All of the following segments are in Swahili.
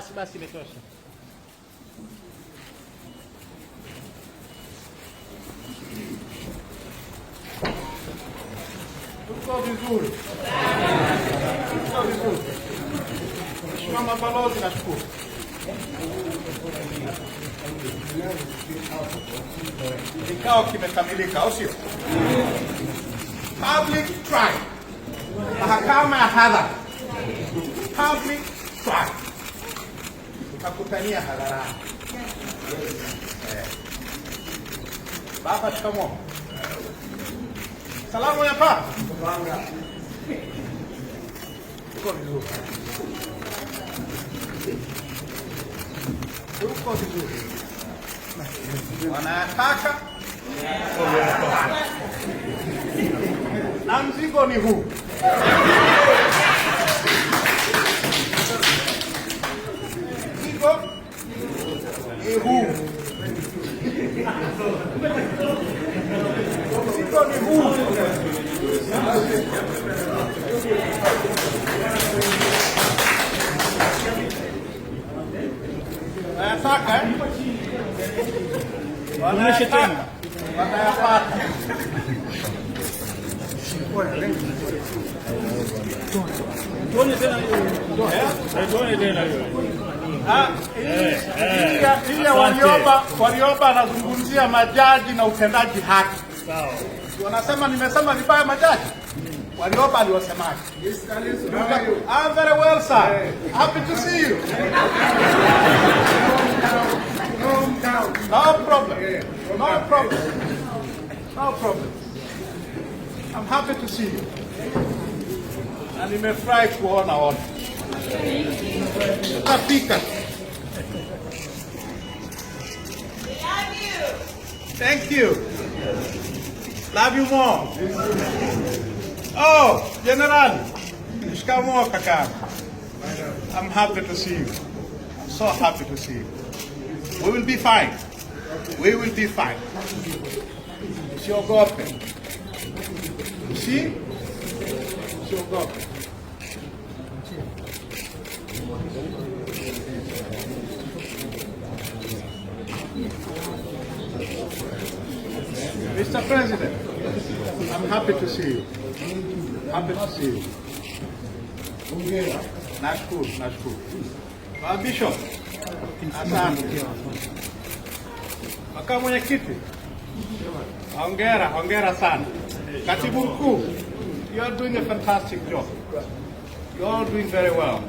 Basi basi, imetosha. Tuko vizuri, tuko vizuri. Mheshimiwa mabalozi, nashukuru. Kikao kimekamilika, au sio? Public trial, mahakama ya hadhara, public trial tukakutania hadharani. baba, shikamoo. Salamu ya papa uko vizuri, uko vizuri, wanayataka na mzigo ni huu. Ataca, hein? Não mexe treino. Vai a pata. Olha, vem. Dona Helena aí. É? É Dona Helena aí. Ah, é. é. wengine walioba walioba anazungumzia majaji na utendaji haki. Sawa. Wanasema nimesema vibaya majaji. Walioba aliwasemaje? I'm ah, very well sir. Happy to see you. No problem. No problem. No problem. I'm happy to see you. Na nimefurahi kuona wote. Tutapika. Thank you. Love you more. Oh, General. I'm happy to see you. I'm so happy to see you. We will be fine. We will be fine. It's your You see? It's your Mr. President, I'm happy to see you. Happy to see you. Nashkuru, nashkuru. Uh, ah, Bishop, asante. Makamu mwenyekiti, hongera, hongera sana. Katibu mkuu, you are doing a fantastic job. You are doing very well.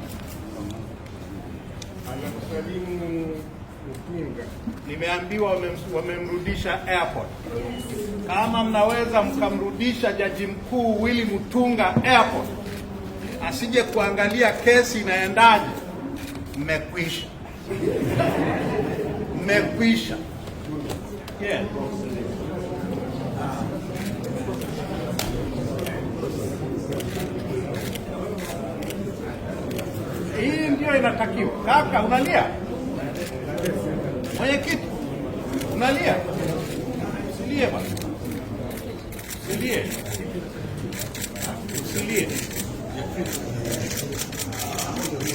Nimeambiwa wamemrudisha airport. Kama mnaweza mkamrudisha jaji mkuu Willy Mutunga airport, asije kuangalia kesi inaendaje, mmekwisha, mmekwisha. Yeah. Hii ndio inatakiwa. Kaka, unalia? Маяки налево. Слева. Слева.